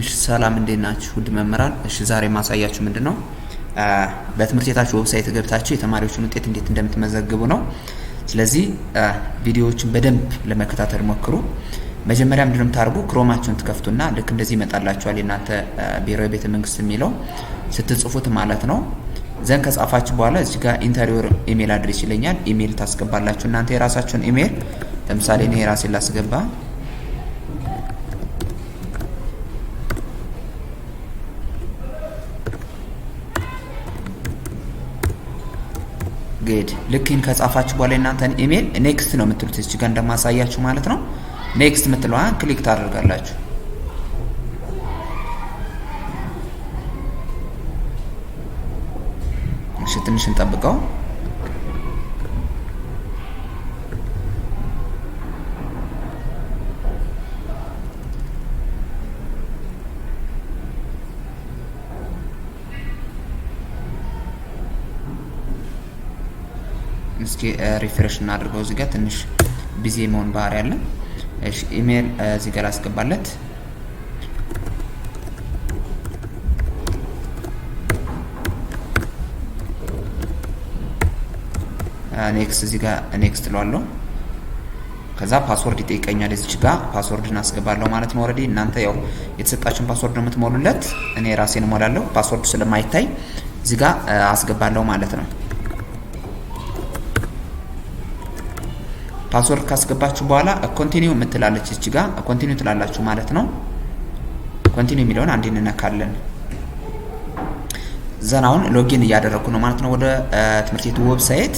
እሺ ሰላም እንዴት ናችሁ? ውድ መምህራን። እሺ ዛሬ ማሳያችሁ ምንድን ነው በትምህርት ቤታችሁ ዌብሳይት ገብታችሁ የተማሪዎችን ውጤት እንዴት እንደምትመዘግቡ ነው። ስለዚህ ቪዲዮዎችን በደንብ ለመከታተል ሞክሩ። መጀመሪያ ምንድነው የምታደርጉ ክሮማችሁን ትከፍቱና ልክ እንደዚህ ይመጣላችኋል። የእናንተ ብሔራዊ ቤተ መንግስት የሚለው ስትጽፉት ማለት ነው። ዘን ከጻፋችሁ በኋላ እዚህ ጋር ኢንተሪዮር ኢሜል አድሬስ ይለኛል። ኢሜል ታስገባላችሁ እናንተ የራሳችሁን ኢሜል። ለምሳሌ እኔ የራሴን ላስገባ ግድ ልክን ከጻፋችሁ በኋላ እናንተን ኢሜል ኔክስት ነው የምትሉት እዚህ ጋር እንደማሳያችሁ ማለት ነው። ኔክስት የምትለዋን ክሊክ ታደርጋላችሁ። እሺ ትንሽ እንጠብቀው። እስኪ ሪፍሬሽ እናድርገው። እዚህ ጋር ትንሽ ቢዚ መሆን ባህሪ አለ። እሺ ኢሜይል እዚህ ጋር አስገባለት። ኔክስት እዚህ ጋር ኔክስት እለዋለሁ። ከዛ ፓስወርድ ይጠይቀኛል። እዚች ጋ ፓስወርድን አስገባለሁ ማለት ነው። ኦልሬዲ እናንተ ያው የተሰጣችሁን ፓስወርድ ነው የምትሞሉለት። እኔ ራሴን እሞላለሁ። ፓስወርዱ ስለማይታይ እዚህ ጋ አስገባለሁ ማለት ነው። ፓስወርድ ካስገባችሁ በኋላ ኮንቲኒው የምትላለች እች ጋ ኮንቲኒው ትላላችሁ ማለት ነው። ኮንቲኒው የሚለውን አንድ እንነካለን። ዘናውን ሎጊን እያደረግኩ ነው ማለት ነው ወደ ትምህርት ቤቱ ዌብሳይት።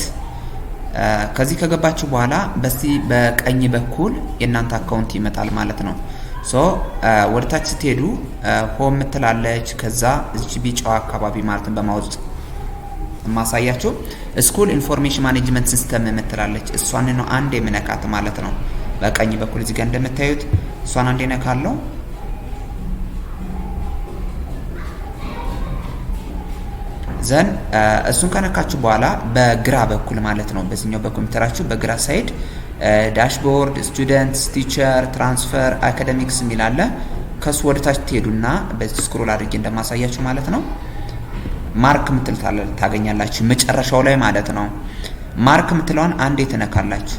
ከዚህ ከገባችሁ በኋላ በስቲ በቀኝ በኩል የእናንተ አካውንት ይመጣል ማለት ነው። ሶ ወደ ስትሄዱ ሆም ምትላለች፣ ከዛ እች ቢጫው አካባቢ ማለትን በማውዝ ማሳያችሁ ስኩል ኢንፎርሜሽን ማኔጅመንት ሲስተም የምትላለች እሷን ነው አንድ የምነካት ማለት ነው። በቀኝ በኩል እዚህ ጋር እንደምታዩት እሷን አንድ ነካለው። ዘን እሱን ከነካችሁ በኋላ በግራ በኩል ማለት ነው፣ በዚህኛው በኮምፒውተራችሁ በግራ ሳይድ ዳሽቦርድ፣ ስቱደንትስ፣ ቲቸር፣ ትራንስፈር፣ አካደሚክስ የሚል አለ። ከሱ ወደታች ትሄዱና በዚህ ስክሮል አድርጌ እንደማሳያችሁ ማለት ነው ማርክ ምትል ታገኛላችሁ። መጨረሻው ላይ ማለት ነው። ማርክ ምትለውን አንዴ ትነካላችሁ።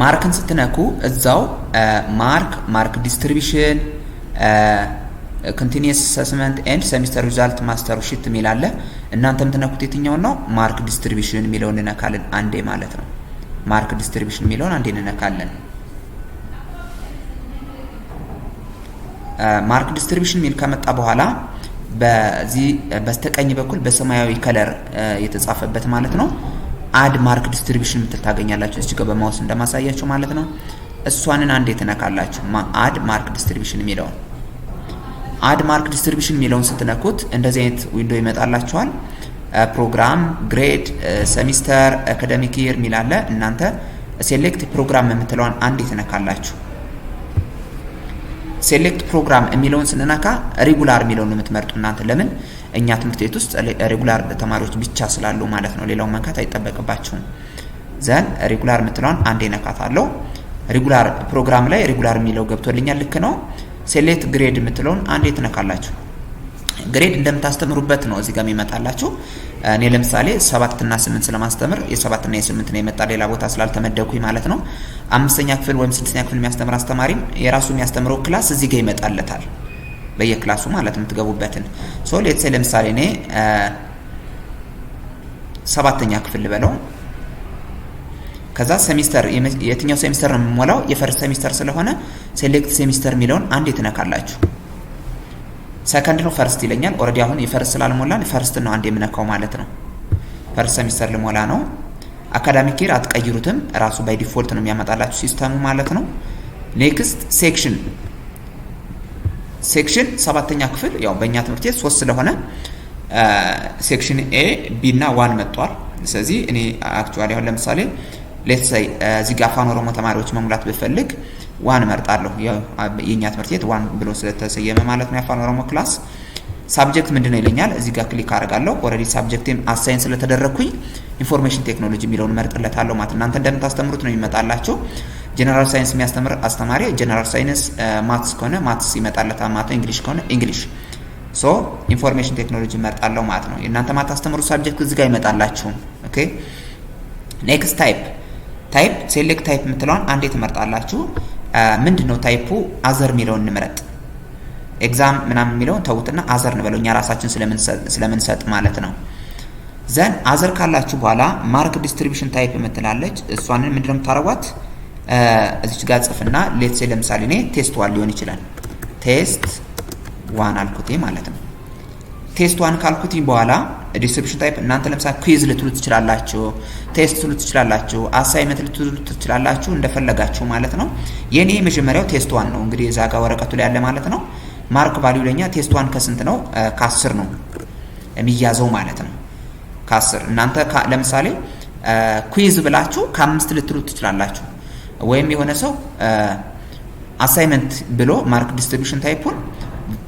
ማርክን ስትነኩ እዛው ማርክ ማርክ ዲስትሪቢሽን ኮንቲኒየስ አሰስመንት ኤንድ ሰሚስተር ሪዛልት ማስተር ሺት የሚል አለ። እናንተ የምትነኩት የትኛውን ነው? ማርክ ዲስትሪቢሽን የሚለውን እንነካለን አንዴ ማለት ነው። ማርክ ዲስትሪቢሽን የሚለውን አንዴ እንነካለን። ማርክ ዲስትሪቢሽን የሚል ከመጣ በኋላ በዚህ በስተቀኝ በኩል በሰማያዊ ከለር የተጻፈበት ማለት ነው አድ ማርክ ዲስትሪቢሽን የምትል ታገኛላችሁ። እዚህ ጋር በማውስ እንደማሳያችሁ ማለት ነው። እሷንን አንዴ ትነካላችሁ። አድ ማርክ ዲስትሪቢሽን የሚለውን አድ ማርክ ዲስትሪቢሽን የሚለውን ስትነኩት እንደዚህ አይነት ዊንዶ ይመጣላችኋል። ፕሮግራም፣ ግሬድ፣ ሰሚስተር፣ አካደሚክ ይር የሚላለ እናንተ ሴሌክት ፕሮግራም የምትለዋን አንዴ ትነካላችሁ። ሴሌክት ፕሮግራም የሚለውን ስንነካ ሬጉላር የሚለውን ነው የምትመርጡ እናንተ። ለምን እኛ ትምህርት ቤት ውስጥ ሬጉላር ተማሪዎች ብቻ ስላሉ ማለት ነው። ሌላውን መንካት አይጠበቅባቸውም ዘን ሬጉላር የምትለውን አንዴ ነካት አለው። ሬጉላር ፕሮግራም ላይ ሬጉላር የሚለው ገብቶልኛል። ልክ ነው። ሴሌክት ግሬድ የምትለውን አንዴ ትነካላችሁ። ግሬድ እንደምታስተምሩበት ነው እዚህ ጋር የሚመጣላችሁ። እኔ ለምሳሌ ሰባት እና ስምንት ስለማስተምር የሰባት እና የስምንት ነው የመጣ ሌላ ቦታ ስላልተመደኩኝ ማለት ነው። አምስተኛ ክፍል ወይም ስድስተኛ ክፍል የሚያስተምር አስተማሪም የራሱ የሚያስተምረው ክላስ እዚህ ጋር ይመጣለታል። በየክላሱ ማለት የምትገቡበትን ሶ ሌትሴ ለምሳሌ እኔ ሰባተኛ ክፍል ልበለው ከዛ ሴሚስተር የትኛው ሴሚስተር ነው የምሞላው? የፈርስት ሴሚስተር ስለሆነ ሴሌክት ሴሚስተር የሚለውን አንድ የትነካላችሁ ሰከንድ ነው ፈርስት ይለኛል። ኦልሬዲ አሁን የፈርስት ስላልሞላን ፈርስት ነው አንድ የምነካው ማለት ነው። ፈርስት ሴሚስተር ልሞላ ነው። አካዳሚክ ኬር አትቀይሩትም፣ ራሱ ባይ ዲፎልት ነው የሚያመጣላችሁ ሲስተሙ ማለት ነው። ኔክስት ሴክሽን ሴክሽን ሰባተኛ ክፍል ያው በእኛ ትምህርት ቤት ሶስት ስለሆነ ሴክሽን ኤ ቢ እና ዋን መጥቷል። ስለዚህ እኔ አክቹዋሊ አሁን ለምሳሌ ሌትሳይ እዚህ ጋር አፋን ኦሮሞ ተማሪዎች መሙላት ብፈልግ ዋን መርጣለሁ። የእኛ ትምህርት ቤት ዋን ብሎ ስለተሰየመ ማለት ነው የአፋን ኦሮሞ ክላስ። ሳብጀክት ምንድነው ይለኛል። እዚህ ጋር ክሊክ አደርጋለሁ። ኦልሬዲ ሳብጀክቴም አሳይን ስለተደረግኩኝ ኢንፎርሜሽን ቴክኖሎጂ የሚለውን መርጥለታለሁ ማለት እናንተ እንደምታስተምሩት ነው የሚመጣላቸው። ጀነራል ሳይንስ የሚያስተምር አስተማሪ ጀነራል ሳይንስ፣ ማትስ ከሆነ ማትስ ይመጣለታ ማለት ነው። እንግሊሽ ከሆነ እንግሊሽ። ሶ ኢንፎርሜሽን ቴክኖሎጂ እመርጣለሁ ማለት ነው። እናንተ ማታስተምሩ ሳብጀክት እዚህ ጋር ይመጣላችሁ። ኦኬ ኔክስት ታይፕ ታይፕ ሴሌክት ታይፕ የምትለውን አንዴ ትመርጣላችሁ። ምንድን ነው ታይፑ አዘር የሚለውን እንምረጥ። ኤግዛም ምናምን የሚለውን ተውትና አዘር እንበለው እኛ ራሳችን ስለምንሰጥ ማለት ነው። ዘን አዘር ካላችሁ በኋላ ማርክ ዲስትሪቢሽን ታይፕ የምትላለች እሷንን ምንድነው ነው የምታረጓት? እዚች ጋር ጽፍና ሌትሴ ለምሳሌ እኔ ቴስት ዋን ሊሆን ይችላል። ቴስት ዋን አልኩቴ ማለት ነው። ቴስት ዋን ካልኩትኝ በኋላ ዲስክሪፕሽን ታይፕ እናንተ ለምሳሌ ኩዝ ልትሉ ትችላላችሁ፣ ቴስት ልትሉ ትችላላችሁ፣ አሳይመንት ልትሉ ትችላላችሁ፣ እንደፈለጋችሁ ማለት ነው። የኔ የመጀመሪያው ቴስት ዋን ነው። እንግዲህ እዛ ጋር ወረቀቱ ላይ ያለ ማለት ነው። ማርክ ቫልዩ ለኛ ቴስት ዋን ከስንት ነው? ከአስር ነው የሚያዘው ማለት ነው። ከአስር እናንተ ለምሳሌ ኩዊዝ ብላችሁ ከአምስት ልትሉ ትችላላችሁ። ወይም የሆነ ሰው አሳይመንት ብሎ ማርክ ዲስትሪቢሽን ታይፑን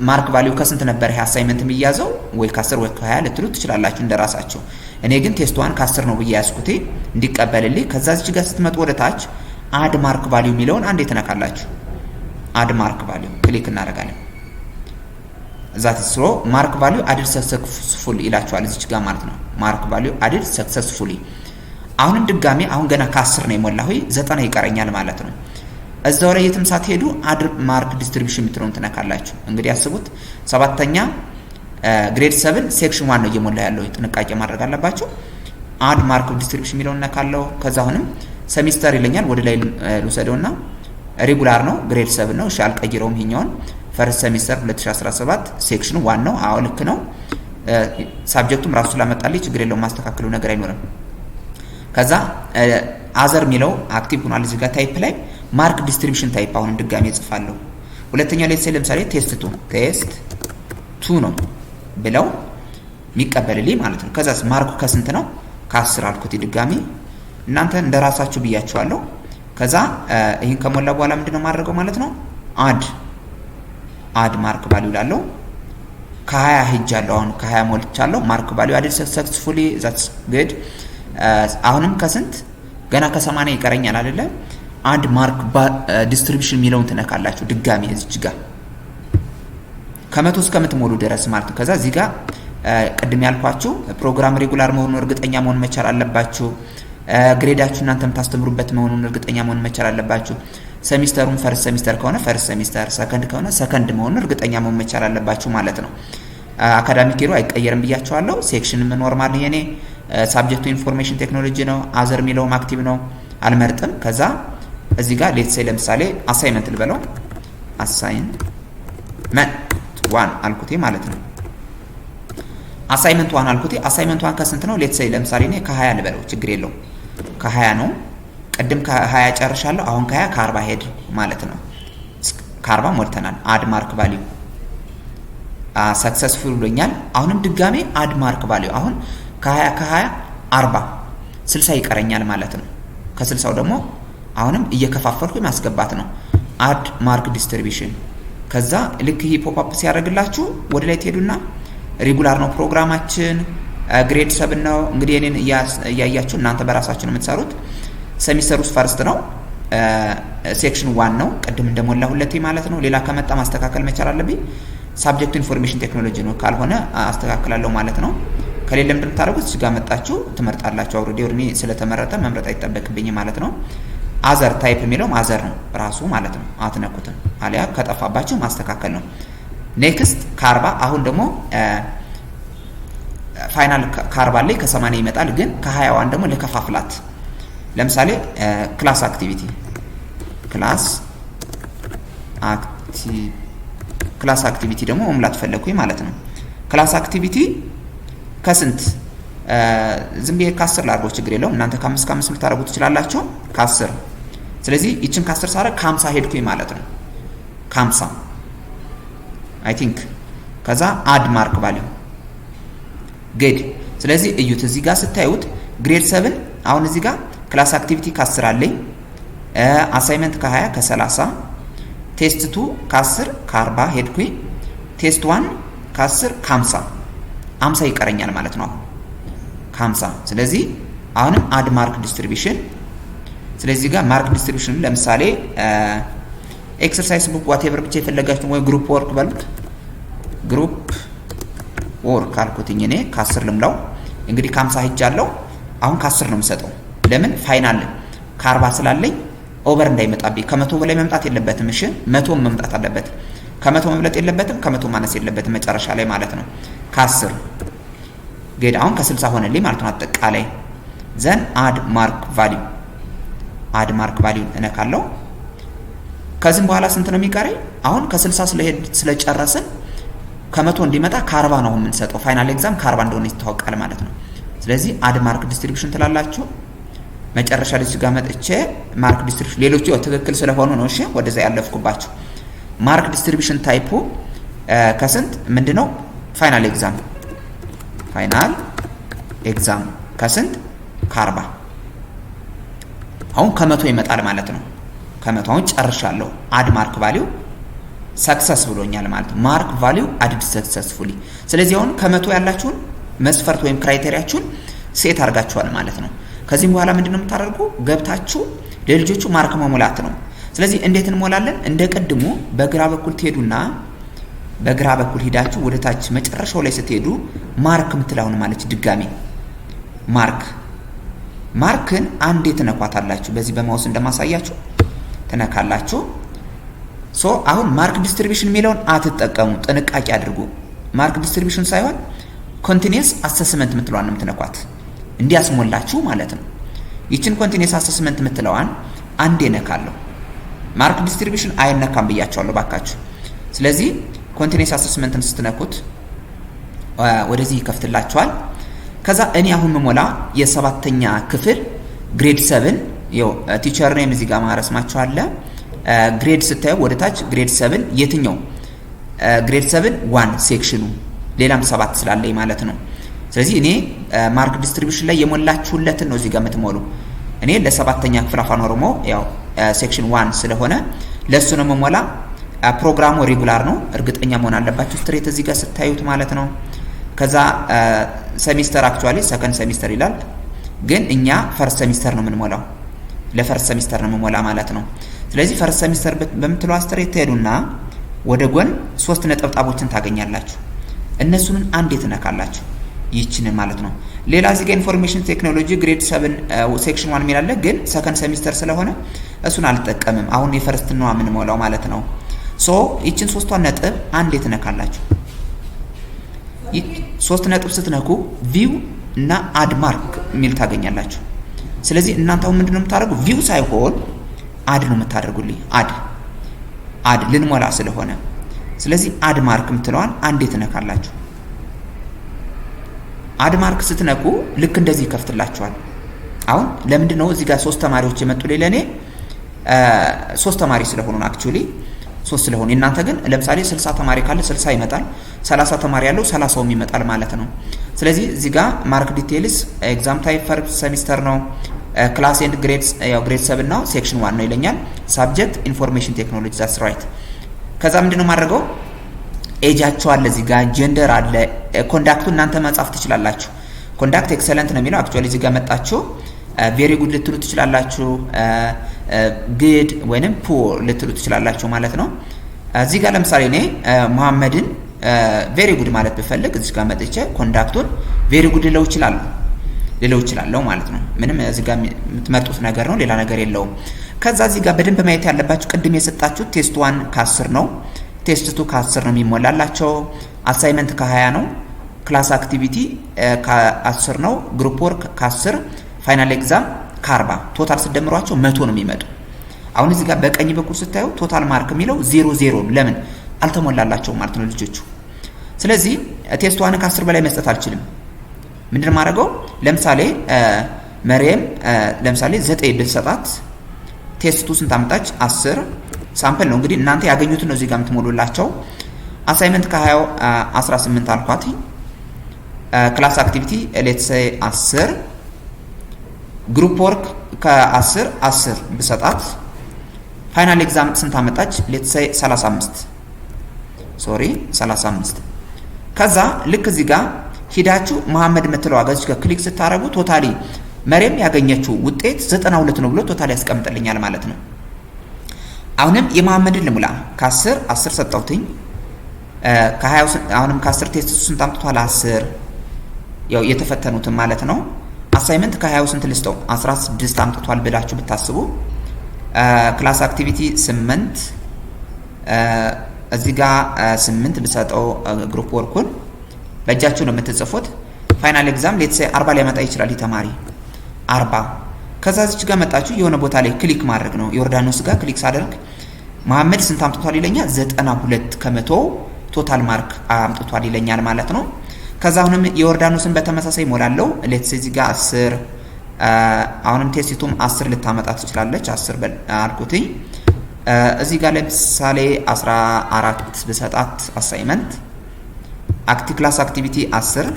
ማርክ ቫሊዩ ከስንት ነበር ይሄ አሳይመንት የሚያዘው? ወይ ከ10 ወይ ከ20 ልትሉት ትችላላችሁ እንደራሳቸው። እኔ ግን ቴስቷን ከአስር ነው ብዬ ያዝኩት እንዲቀበልልኝ። ከዛ እዚህ ጋር ስትመጡ ወደ ታች አድ ማርክ ቫሊዩ የሚለውን አንዴ ትነካላችሁ። አድ ማርክ ቫሊዩ ክሊክ እናደርጋለን። ዛት ስሮ ማርክ ቫሊዩ አድድ ሰክሰስፉል ይላችኋል እዚች ጋር ማለት ነው። ማርክ ቫሊዩ አድድ ሰክሰስፉሊ። አሁንም ድጋሜ አሁን ገና ከአስር ነው የሞላሁ ዘጠና ይቀረኛል ማለት ነው። እዛው ላይ የትም ሳትሄዱ አድር ማርክ ዲስትሪቢሽን የምትለውን ትነካላችሁ። እንግዲህ አስቡት ሰባተኛ ግሬድ ሰብን ሴክሽን ዋን ነው እየሞላ ያለው ጥንቃቄ ማድረግ አለባቸው። አድ ማርክ ዲስትሪቢሽን የሚለውን ነካለው። ከዛ አሁንም ሰሚስተር ይለኛል ወደ ላይ ልውሰደውና ሬጉላር ነው ግሬድ ሰብን ነው እሺ፣ አልቀይረውም። ይኛውን ፈርስት ሰሚስተር 2017 ሴክሽን ዋን ነው። አዎ ልክ ነው። ሳብጀክቱም ራሱ ስላመጣልኝ ችግር የለውም። ማስተካከሉ ነገር አይኖርም። ከዛ አዘር የሚለው አክቲቭ ሆኗል እዚህ ጋር ታይፕ ላይ ማርክ ዲስትሪቢሽን ታይፕ አሁንም ድጋሜ እጽፋለሁ። ሁለተኛው ላይ ለምሳሌ ቴስት ቱ ቴስት ቱ ነው ብለው የሚቀበልልኝ ማለት ነው። ከዛስ ማርኩ ከስንት ነው? ከአስር አልኩት ድጋሜ እናንተ እንደ ራሳችሁ ብያችኋለሁ። ከዛ ይህን ከሞላ በኋላ ምንድነው ማድረገው ማለት ነው አድ አድ ማርክ ቫሊዩ ላለው ከሀያ ሄጃለሁ። አሁን ከሀያ ሞልቻለሁ። ማርክ ቫሊዩ አድ ሰክሰስፉሊ ዛትስ ግድ። አሁንም ከስንት ገና ከሰማንያ ይቀረኛል አይደለ አንድ ማርክ ዲስትሪቢሽን የሚለውን ትነካላችሁ። ድጋሚ እዚች ጋር ከመቶ እስከ ምትሞሉ ድረስ ማለት ነው። ከዛ እዚህ ጋር ቅድም ያልኳችሁ ፕሮግራም ሬጉላር መሆኑን እርግጠኛ መሆን መቻል አለባችሁ። ግሬዳችሁ እናንተ የምታስተምሩበት መሆኑን እርግጠኛ መሆን መቻል አለባችሁ። ሰሚስተሩን ፈርስት ሰሚስተር ከሆነ ፈርስት ሰሚስተር፣ ሰከንድ ከሆነ ሰከንድ መሆኑን እርግጠኛ መሆን መቻል አለባችሁ ማለት ነው። አካዳሚክ ሄሩ አይቀየርም ብያችኋለሁ። ሴክሽንም ኖርማል የኔ ሳብጀክቱ ኢንፎርሜሽን ቴክኖሎጂ ነው። አዘር የሚለውም አክቲቭ ነው፣ አልመርጥም። ከዛ እዚህ ጋር ሴ ለምሳሌ አሳይመንት ልበለው አሳይንመንት ዋን አልኩቴ ማለት ነው። አሳይመንት ዋን አልኩቴ አሳይመንት ዋን ከስንት ነው? ሴ ለምሳሌ እኔ ከሀያ ልበለው ችግር የለው ከሀያ ነው። ቅድም ከሀያ ጨርሻለሁ። አሁን ከሀያ ከአርባ ሄድ ማለት ነው። ከአርባ ሞልተናል። አድማርክ ቫሊዩ ሰክሰስፉል ብሎኛል። አሁንም ድጋሜ ማርክ ቫሊዩ አሁን ከሀያ ከሀያ አርባ ስልሳ ይቀረኛል ማለት ነው። ከስልሳው ደግሞ አሁንም እየከፋፈልኩ ማስገባት ነው። አድ ማርክ ዲስትሪቢሽን። ከዛ ልክ ይህ ፖፕ አፕ ሲያደርግላችሁ ወደ ላይ ትሄዱና ሬጉላር ነው ፕሮግራማችን፣ ግሬድ ሰብን ነው እንግዲህ እኔን እያያችሁ እናንተ በራሳችሁ ነው የምትሰሩት። ሰሚስተርስ ፈርስት ነው ሴክሽን ዋን ነው ቅድም እንደሞላ ሁለቴ ማለት ነው። ሌላ ከመጣ ማስተካከል መቻል አለብኝ። ሳብጀክቱ ኢንፎርሜሽን ቴክኖሎጂ ነው ካልሆነ አስተካክላለሁ ማለት ነው። ከሌለም እንደምታደርጉት እዚህ ጋር መጣችሁ ትመርጣላችሁ። አውሮዲ ወርኒ ስለተመረጠ መምረጥ አይጠበቅብኝ ማለት ነው። አዘር ታይፕ የሚለውም አዘር ነው ራሱ ማለት ነው። አትነኩትም፣ አሊያ ከጠፋባችሁ ማስተካከል ነው። ኔክስት ከአርባ አሁን ደግሞ ፋይናል ከአርባ ላይ ከሰማንያ ይመጣል። ግን ከሀያዋን ደግሞ ለከፋፍላት ለምሳሌ ክላስ አክቲቪቲ ክላስ አክቲ ክላስ አክቲቪቲ ደግሞ መሙላት ፈለግኩኝ ማለት ነው። ክላስ አክቲቪቲ ከስንት ዝም ብዬ ከአስር ላድርገው ችግር የለውም። እናንተ ከአምስት ከአምስት ልታደርጉ ትችላላችሁ። ከአስር ስለዚህ ይችን ከአስር ሳረ ከሀምሳ ሄድኩኝ ማለት ነው። ከሀምሳ አይ ቲንክ ከዛ አድ ማርክ ቫሊዩ ግድ ስለዚህ እዩት እዚህ ጋር ስታዩት ግሬድ ሰብን አሁን እዚህ ጋር ክላስ አክቲቪቲ ከአስር አለኝ አሳይመንት ከ20 ከ30 ቴስት 2 ከ10 ከ40 ሄድኩኝ ቴስት 1 ከ10 ከ50 50 ይቀረኛል ማለት ነው ከ50 ስለዚህ አሁንም አድ ማርክ ዲስትሪቢሽን ስለዚህ ጋር ማርክ ዲስትሪቢሽን ለምሳሌ ኤክሰርሳይዝ ቡክ ዋቴቨር ብቻ የፈለጋችሁ ወይ ግሩፕ ወርክ በሉት። ግሩፕ ወርክ አልኩትኝ እኔ ከአስር ልምላው እንግዲህ ከሀምሳ ሂጅ አለው አሁን ከአስር ነው የምሰጠው። ለምን ፋይናል ከአርባ ስላለኝ ኦቨር እንዳይመጣብኝ ከመቶ በላይ መምጣት የለበትም። እሺ መቶም መምጣት አለበት። ከመቶ መብለጥ የለበትም። ከመቶ ማነስ የለበትም። መጨረሻ ላይ ማለት ነው ከአስር ግድ አሁን ከስልሳ ሆነልኝ ማለት ነው አጠቃላይ ዘን አድ ማርክ ቫሊዩ አድ ማርክ ቫሊዩን እነካለው። ከዚህም በኋላ ስንት ነው የሚቀረኝ? አሁን ከስልሳ ስለሄድ ስለጨረስን ከመቶ እንዲመጣ ከአርባ ነው የምንሰጠው። ፋይናል ኤግዛም ከአርባ እንደሆነ ይታወቃል ማለት ነው። ስለዚህ አድ ማርክ ዲስትሪቢሽን ትላላችሁ። መጨረሻ ልጅ ጋር መጥቼ ማርክ ዲስትሪቢሽን ሌሎቹ ትክክል ስለሆኑ ነው እሺ፣ ወደዛ ያለፍኩባቸው። ማርክ ዲስትሪቢሽን ታይፑ ከስንት ምንድነው? ፋይናል ኤግዛም ፋይናል ኤግዛም ከስንት ከአርባ አሁን ከመቶ ይመጣል ማለት ነው። ከመቶ አሁን ጨርሻለሁ። አድ ማርክ ቫሊዩ ሰክሰስ ብሎኛል ማለት ነው። ማርክ ቫሊዩ አድድ ሰክሰስፉሊ። ስለዚህ አሁን ከመቶ ያላችሁን መስፈርት ወይም ክራይቴሪያችሁን ሴት አድርጋችኋል ማለት ነው። ከዚህም በኋላ ምንድነው የምታደርጉ? ገብታችሁ ለልጆቹ ማርክ መሙላት ነው። ስለዚህ እንዴት እንሞላለን? እንደ ቅድሙ በግራ በኩል ትሄዱና በግራ በኩል ሂዳችሁ ወደ ታች መጨረሻው ላይ ስትሄዱ ማርክ የምትለውን ማለች ድጋሜ ማርክ ማርክን አንዴ ትነኳታላችሁ። በዚህ በማውስ እንደማሳያችሁ ትነካላችሁ። ሶ አሁን ማርክ ዲስትሪቢሽን የሚለውን አትጠቀሙ፣ ጥንቃቄ አድርጉ። ማርክ ዲስትሪቢሽን ሳይሆን ኮንቲኒየስ አሰስመንት የምትለዋን የምትነኳት እንዲያስሞላችሁ ማለት ነው። ይችን ኮንቲኒየስ አሰስመንት የምትለዋን አንዴ ነካለሁ። ማርክ ዲስትሪቢሽን አይነካም ብያቸዋለሁ፣ ባካችሁ። ስለዚህ ኮንቲኒየስ አሰስመንትን ስትነኩት ወደዚህ ይከፍትላችኋል። ከዛ እኔ አሁን መሞላ የሰባተኛ ክፍል ግሬድ ሰብን ቲቸር ኔም እዚህ ጋር ማረስማቸው አለ። ግሬድ ስታየው ወደ ታች ግሬድ ሰብን የትኛው ግሬድ ሰብን ዋን ሴክሽኑ ሌላም ሰባት ስላለኝ ማለት ነው። ስለዚህ እኔ ማርክ ዲስትሪቢዩሽን ላይ የሞላችሁለትን ነው እዚህ ጋር የምትሞሉ። እኔ ለሰባተኛ ክፍል አፋን ኦሮሞ ያው ሴክሽን ዋን ስለሆነ ለእሱ ነው መሞላ። ፕሮግራሙ ሬጉላር ነው፣ እርግጠኛ መሆን አለባችሁ። ስትሬት እዚህ ጋር ስታዩት ማለት ነው። ከዛ ሰሚስተር አክቹዋሊ ሰከንድ ሰሚስተር ይላል፣ ግን እኛ ፈርስት ሰሚስተር ነው የምንሞላው። ለፈርስት ሰሚስተር ነው የምንሞላ ማለት ነው። ስለዚህ ፈርስት ሰሚስተር በምትለው አስተሬት ትሄዱና ወደ ጎን ሶስት ነጠብጣቦችን ታገኛላችሁ። እነሱን አንድ ትነካላችሁ ይችን ማለት ነው። ሌላ እዚህ ጋር ኢንፎርሜሽን ቴክኖሎጂ ግሬድ ሰብን ሴክሽን ዋን የሚላለ ግን ሰከንድ ሰሚስተር ስለሆነ እሱን አልጠቀምም። አሁን የፈርስት ነው የምንሞላው ማለት ነው። ሶ ይችን ሶስቷን ነጥብ አንድ ትነካላችሁ። ሶስት ነጥብ ስትነኩ ቪው እና አድማርክ የሚል ታገኛላችሁ። ስለዚህ እናንተ አሁን ነው የምታደርጉ? ቪው ሳይሆን አድ ነው የምታደርጉልኝ። አድ አድ ልንሞላ ስለሆነ ስለዚህ አድ ማርክ የምትለዋን አንዴ ትነካላችሁ። አድ ማርክ ስትነኩ ልክ እንደዚህ ይከፍትላችኋል። አሁን ለምንድን ነው እዚህ ጋር ሶስት ተማሪዎች የመጡ ሌለ ሶስት ተማሪ ስለሆኑ አክቹሊ ሶስት ስለሆነ እናንተ ግን ለምሳሌ ስልሳ ተማሪ ካለ 60 ይመጣል፣ 30 ተማሪ ያለው ሰላሳውም ይመጣል ማለት ነው። ስለዚህ እዚህ ጋር ማርክ ዲቴይልስ ኤግዛም ታይፕ ፈር ሰሚስተር ነው። ክላስ ኤንድ ግሬድስ ያው ግሬድ ሰብ እና ሴክሽን ዋን ነው ይለኛል። ሳብጀክት ኢንፎርሜሽን ቴክኖሎጂ ዛስ ራይት። ከዛ ምንድን ነው ማድረገው? ኤጃቸው አለ እዚህ ጋር ጀንደር አለ። ኮንዳክቱ እናንተ መጻፍ ትችላላችሁ። ኮንዳክት ኤክሰለንት ነው የሚለው አክቹአሊ፣ እዚህ ጋር መጣችሁ ቬሪ ጉድ ልትሉ ትችላላችሁ። ግድ ወይንም ፑር ልትሉ ትችላላችሁ ማለት ነው። እዚህ ጋር ለምሳሌ እኔ መሐመድን ቬሪ ጉድ ማለት ብፈልግ እዚህ ጋር መጥቼ ኮንዳክቱን ቬሪ ጉድ ልለው እችላለሁ ልለው እችላለሁ ማለት ነው። ምንም እዚህ ጋር የምትመርጡት ነገር ነው፣ ሌላ ነገር የለውም። ከዛ እዚህ ጋር በደንብ ማየት ያለባችሁ ቅድም የሰጣችሁት ቴስት ዋን ከአስር ነው፣ ቴስት ቱ ከአስር ነው የሚሞላላቸው፣ አሳይመንት ከሀያ ነው፣ ክላስ አክቲቪቲ ከአስር ነው፣ ግሩፕ ወርክ ከአስር ፋይናል ኤግዛም ከአርባ ቶታል ስደምሯቸው መቶ ነው የሚመጡ። አሁን እዚህ ጋር በቀኝ በኩል ስታዩ ቶታል ማርክ የሚለው ዜሮ ዜሮ ለምን አልተሞላላቸው ማለት ነው ልጆቹ። ስለዚህ ቴስቷን ከአስር በላይ መስጠት አልችልም። ምንድን ማድረገው ለምሳሌ መሪየም ለምሳሌ ዘጠኝ ብትሰጣት ቴስቱ ስንት አመጣች? አስር ሳምፕል ነው እንግዲህ እናንተ ያገኙትን ነው እዚህ ጋር የምትሞሉላቸው። አሳይመንት ከ20 18 አልኳት። ክላስ አክቲቪቲ ሌትስ 10 ግሩፕ ወርክ ከ10 10 ብሰጣት ፋይናል ኤግዛም ስንት አመጣች? ሌት ሳይ 35 ሶሪ 35። ከዛ ልክ እዚህ ጋር ሂዳችሁ መሐመድ የምትለው አጋዚች ጋር ክሊክ ስታረጉ ቶታሊ መሬም ያገኘችው ውጤት 92 ነው ብሎ ቶታሊ ያስቀምጥልኛል ማለት ነው። አሁንም የመሐመድን ልሙላ ከ10 10 ሰጠውትኝ ከ20 አሁንም ከ10 ቴስት ስንት አምጥቷል? 10 ያው የተፈተኑትን ማለት ነው አሳይመንት ከ20 ስንት ልስጠው 16 አምጥቷል ብላችሁ ብታስቡ ክላስ አክቲቪቲ 8 እዚህ ጋር 8 ብሰጠው ግሩፕ ወርኩን በእጃችሁ ነው የምትጽፉት። ፋይናል ኤግዛም ሌት ሌትስ 40 ሊያመጣ ይችላል ተማሪ 40። ከዛ እዚች ጋር መጣችሁ የሆነ ቦታ ላይ ክሊክ ማድረግ ነው። ዮርዳኖስ ጋር ክሊክ ሳደርግ መሐመድ ስንት አምጥቷል ይለኛል። 92 ከመቶ ቶታል ማርክ አምጥቷል ይለኛል ማለት ነው። ከዛ አሁንም የዮርዳኖስን በተመሳሳይ ሞላለው ሌትስ እዚህ ጋር 10 አሁንም ቴስቱም 10 ልታመጣ ትችላለች። 10 አልኩትኝ። እዚህ ጋር ለምሳሌ 14 ብሰጣት አሳይመንት አክቲ ክላስ አክቲቪቲ 10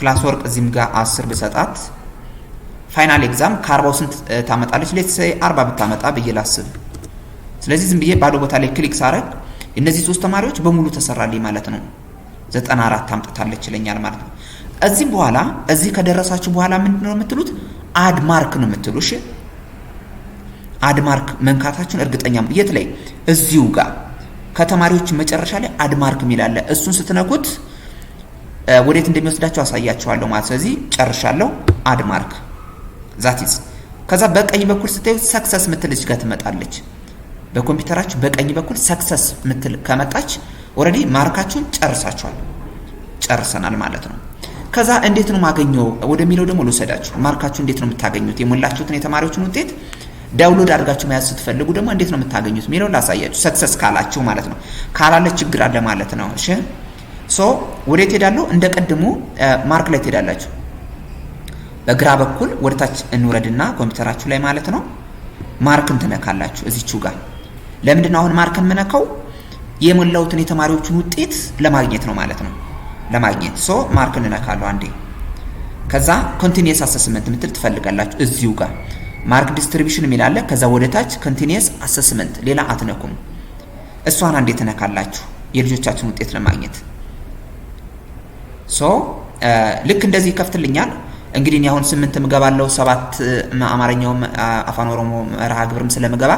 ክላስ ወርቅ እዚህም ጋር 10 ብሰጣት ፋይናል ኤግዛም ከአርባው ስንት ታመጣለች? ሌትስ ሴይ 40 ብታመጣ ብዬ ላስብ። ስለዚህ ዝም ብዬ ባዶ ቦታ ላይ ክሊክ ሳረግ እነዚህ ሶስት ተማሪዎች በሙሉ ተሰራልኝ ማለት ነው። 94 አራት አምጥታለች ይለኛል ማለት ነው። እዚህ በኋላ እዚህ ከደረሳችሁ በኋላ ምንድን ነው የምትሉት? አድማርክ ነው የምትሉ። እሺ አድማርክ መንካታችሁን እርግጠኛ የት ላይ? እዚሁ ጋር ከተማሪዎች መጨረሻ ላይ አድማርክ የሚላለ እሱን ስትነኩት ወዴት እንደሚወስዳቸው አሳያችኋለሁ ማለት ስለዚህ ጨርሻለሁ። አድማርክ ዛቲዝ ከዛ በቀኝ በኩል ስታዩ ሰክሰስ ምትል እዚህ ጋር ትመጣለች። በኮምፒውተራችሁ በቀኝ በኩል ሰክሰስ ምትል ከመጣች ኦልሬዲ ማርካችሁን ጨርሳችኋል፣ ጨርሰናል ማለት ነው። ከዛ እንዴት ነው ማገኘው ወደሚለው ደግሞ ልውሰዳችሁ። ማርካችሁ እንዴት ነው የምታገኙት? የሞላችሁትን የተማሪዎችን ውጤት ዳውንሎድ አድርጋችሁ መያዝ ስትፈልጉ ደግሞ እንዴት ነው የምታገኙት የሚለው ላሳያችሁ። ሰክሰስ ካላችሁ ማለት ነው፣ ካላለ ችግር አለ ማለት ነው። እሺ ሶ ወደ ትሄዳለሁ፣ እንደ ቀድሞ ማርክ ላይ ትሄዳላችሁ። በግራ በኩል ወደታች እንውረድና ኮምፒውተራችሁ ላይ ማለት ነው ማርክን ትነካላችሁ እዚቹ ጋር። ለምንድን ነው አሁን ማርክ የምነካው? የሞላውትን የተማሪዎቹን ውጤት ለማግኘት ነው ማለት ነው። ለማግኘት ሶ ማርክ እንነካለሁ አንዴ። ከዛ ኮንቲኒየስ አሰስመንት ምትል ትፈልጋላችሁ እዚሁ ጋር ማርክ ዲስትሪቢሽን የሚላለ ከዛ ወደ ታች ኮንቲኒየስ አሰስመንት ሌላ አትነኩም። እሷን አንዴ ትነካላችሁ የልጆቻችን ውጤት ለማግኘት ሶ ልክ እንደዚህ ይከፍትልኛል። እንግዲህ አሁን ስምንት ምገባለው ሰባት አማርኛውም አፋን ኦሮሞ መርሃ ግብርም ስለምገባ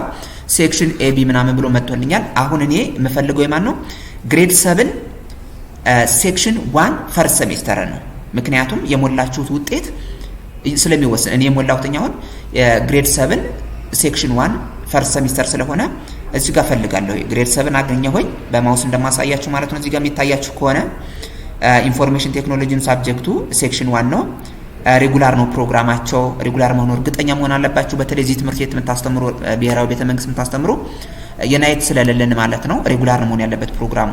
ሴክሽን ኤቢ ምናምን ብሎ መጥቶልኛል። አሁን እኔ የምፈልገው የማን ነው ግሬድ ሰብን ሴክሽን ዋን ፈርስት ሴሜስተር ነው። ምክንያቱም የሞላችሁት ውጤት ስለሚወስን እኔ የሞላሁትኝ አሁን ግሬድ ሰብን ሴክሽን ዋን ፈርስት ሴሚስተር ስለሆነ እዚህ ጋር ፈልጋለሁ። ግሬድ ሰብን አገኘሁኝ በማውስ እንደማሳያችሁ ማለት ነው። እዚህ ጋር የሚታያችሁ ከሆነ ኢንፎርሜሽን ቴክኖሎጂን ሳብጀክቱ ሴክሽን ዋን ነው። ሬጉላር ነው ፕሮግራማቸው። ሬጉላር መሆኑ እርግጠኛ መሆን አለባችሁ። በተለይ እዚህ ትምህርት ቤት የምታስተምሩ ብሔራዊ ቤተ መንግስት የምታስተምሩ የናይት ስለሌለን ማለት ነው ሬጉላር መሆን ያለበት ፕሮግራሙ።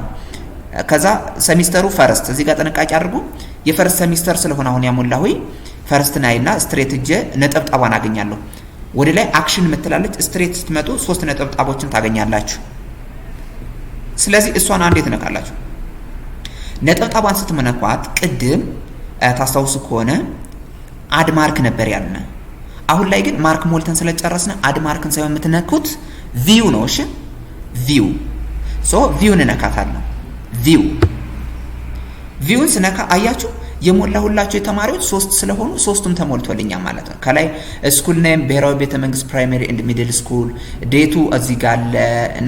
ከዛ ሰሚስተሩ ፈርስት፣ እዚህ ጋር ጥንቃቄ አድርጉ። የፈርስት ሰሚስተር ስለሆነ አሁን ሆይ ፈርስት ናይና ስትሬት እጄ ነጥብ ጣቧን አገኛለሁ። ወደ ላይ አክሽን የምትላለች ስትሬት ስትመጡ ሶስት ነጥብ ጣቦችን ታገኛላችሁ። ስለዚህ እሷን አንዴ ትነካላችሁ። ነጠብጣቧን ስትመነኳት ቅድም ታስታውሱ ከሆነ አድማርክ ነበር ያልነ። አሁን ላይ ግን ማርክ ሞልተን ስለጨረስነ አድማርክን ማርክን ሳይሆን የምትነኩት ቪው ነው። እሺ ቪው ሶ ቪውን እነካታለሁ። ቪው ቪውን ስነካ አያችሁ የሞላሁላቸው የተማሪዎች ሶስት ስለሆኑ ሶስቱም ተሞልቶልኛል ማለት ነው። ከላይ ስኩል ኔም ብሔራዊ ቤተ መንግስት ፕራይመሪ ኤንድ ሚድል ስኩል ዴቱ እዚህ ጋር አለ።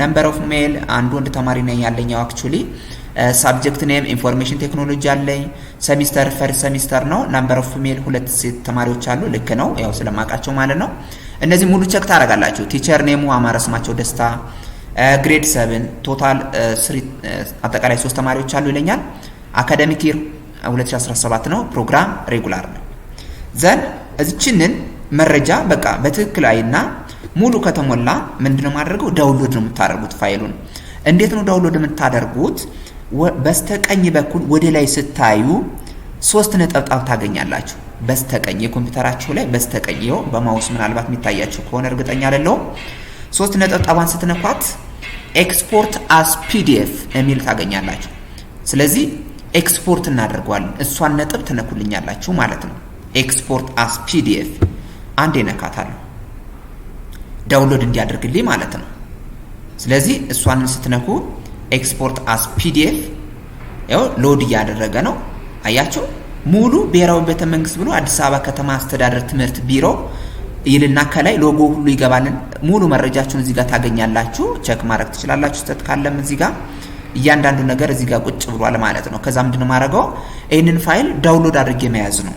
ነምበር ኦፍ ሜል አንድ ወንድ ተማሪ ነኝ ያለኛው አክቹሊ ሳብጀክት ኔም ኢንፎርሜሽን ቴክኖሎጂ አለኝ። ሰሚስተር ፈርስት ሰሚስተር ነው። ናምበር ኦፍ ሜል ሁለት ሴት ተማሪዎች አሉ። ልክ ነው፣ ያው ስለማውቃቸው ማለት ነው። እነዚህ ሙሉ ቸክ ታደርጋላችሁ። ቲቸር ኔሙ አማረ ስማቸው ደስታ፣ ግሬድ ሰብን ቶታል አጠቃላይ ሶስት ተማሪዎች አሉ ይለኛል። አካደሚክ ይር 2017 ነው። ፕሮግራም ሬጉላር ነው። ዘን እዚችንን መረጃ በቃ በትክክል አይና ሙሉ ከተሞላ ምንድነው ማድረገው? ዳውንሎድ ነው የምታደርጉት ፋይሉን። እንዴት ነው ዳውንሎድ የምታደርጉት? በስተቀኝ በኩል ወደ ላይ ስታዩ ሶስት ነጠብጣብ ታገኛላችሁ። በስተቀኝ የኮምፒውተራችሁ ላይ በስተቀኝ ይኸው በማውስ ምናልባት የሚታያችሁ ከሆነ እርግጠኛ አይደለሁም። ሶስት ነጠብጣቧን ስትነኳት ኤክስፖርት አስ ፒዲኤፍ የሚል ታገኛላችሁ። ስለዚህ ኤክስፖርት እናደርገዋለን። እሷን ነጥብ ትነኩልኛላችሁ ማለት ነው። ኤክስፖርት አስ ፒዲኤፍ አንዴ ይነካታለሁ፣ ዳውንሎድ እንዲያደርግልኝ ማለት ነው። ስለዚህ እሷን ስትነኩ ኤክስፖርት አስ ፒዲኤፍ ያው ሎድ እያደረገ ነው። አያችሁ ሙሉ ብሔራዊ ቤተ መንግስት ብሎ አዲስ አበባ ከተማ አስተዳደር ትምህርት ቢሮ ይልና ከላይ ሎጎ ሁሉ ይገባልን። ሙሉ መረጃችሁን እዚህ ጋር ታገኛላችሁ። ቸክ ማድረግ ትችላላችሁ። ስተት ካለም እዚህ ጋር እያንዳንዱ ነገር እዚህ ጋር ቁጭ ብሏል ማለት ነው። ከዛ ምንድን ማድረገው ይህንን ፋይል ዳውንሎድ አድርጌ መያዝ ነው።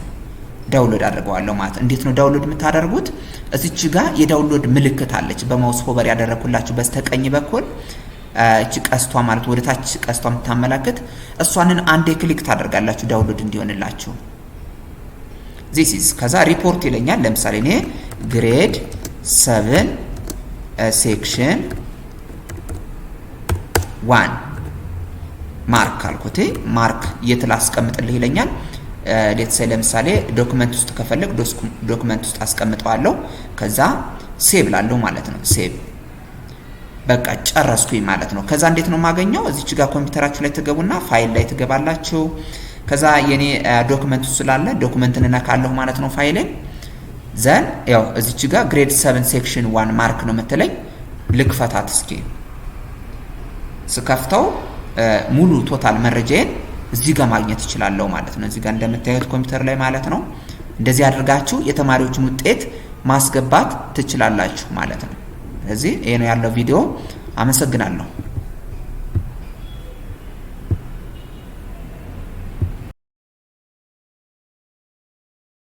ዳውንሎድ አድርገዋለሁ ማለት እንዴት ነው ዳውንሎድ የምታደርጉት? እዚች ጋር የዳውንሎድ ምልክት አለች። በማውስ ሆቨር ያደረኩላችሁ በስተቀኝ በኩል እቺ ቀስቷ ማለት ወደ ታች ቀስቷ የምታመላክት እሷንን አንዴ ክሊክ ታደርጋላችሁ ዳውንሎድ እንዲሆንላችሁ። ዚስ ኢዝ ከዛ ሪፖርት ይለኛል። ለምሳሌ እኔ ግሬድ ሰብን ሴክሽን ዋን ማርክ አልኩት። ማርክ የት ላስቀምጥልህ ይለኛል። ሌትሳይ ለምሳሌ ዶክመንት ውስጥ ከፈለግ ዶክመንት ውስጥ አስቀምጠዋለሁ። ከዛ ሴቭ ላለሁ ማለት ነው ሴቭ በቃ ጨረስኩኝ ማለት ነው። ከዛ እንዴት ነው የማገኘው? እዚች ጋር ኮምፒውተራችሁ ላይ ትገቡና ፋይል ላይ ትገባላችሁ። ከዛ የኔ ዶክመንት ስላለ ዶክመንትን እነካለሁ ማለት ነው ፋይልን ዘን ያው እዚች ጋር ግሬድ 7 ሴክሽን ዋን ማርክ ነው የምትለኝ። ልክፈታት እስኪ። ስከፍተው ሙሉ ቶታል መረጃዬን እዚህ ጋር ማግኘት እችላለሁ ማለት ነው። እዚህ ጋር እንደምታዩት ኮምፒውተር ላይ ማለት ነው። እንደዚህ አድርጋችሁ የተማሪዎችን ውጤት ማስገባት ትችላላችሁ ማለት ነው። እዚህ ይሄ ነው ያለው ቪዲዮ። አመሰግናለሁ።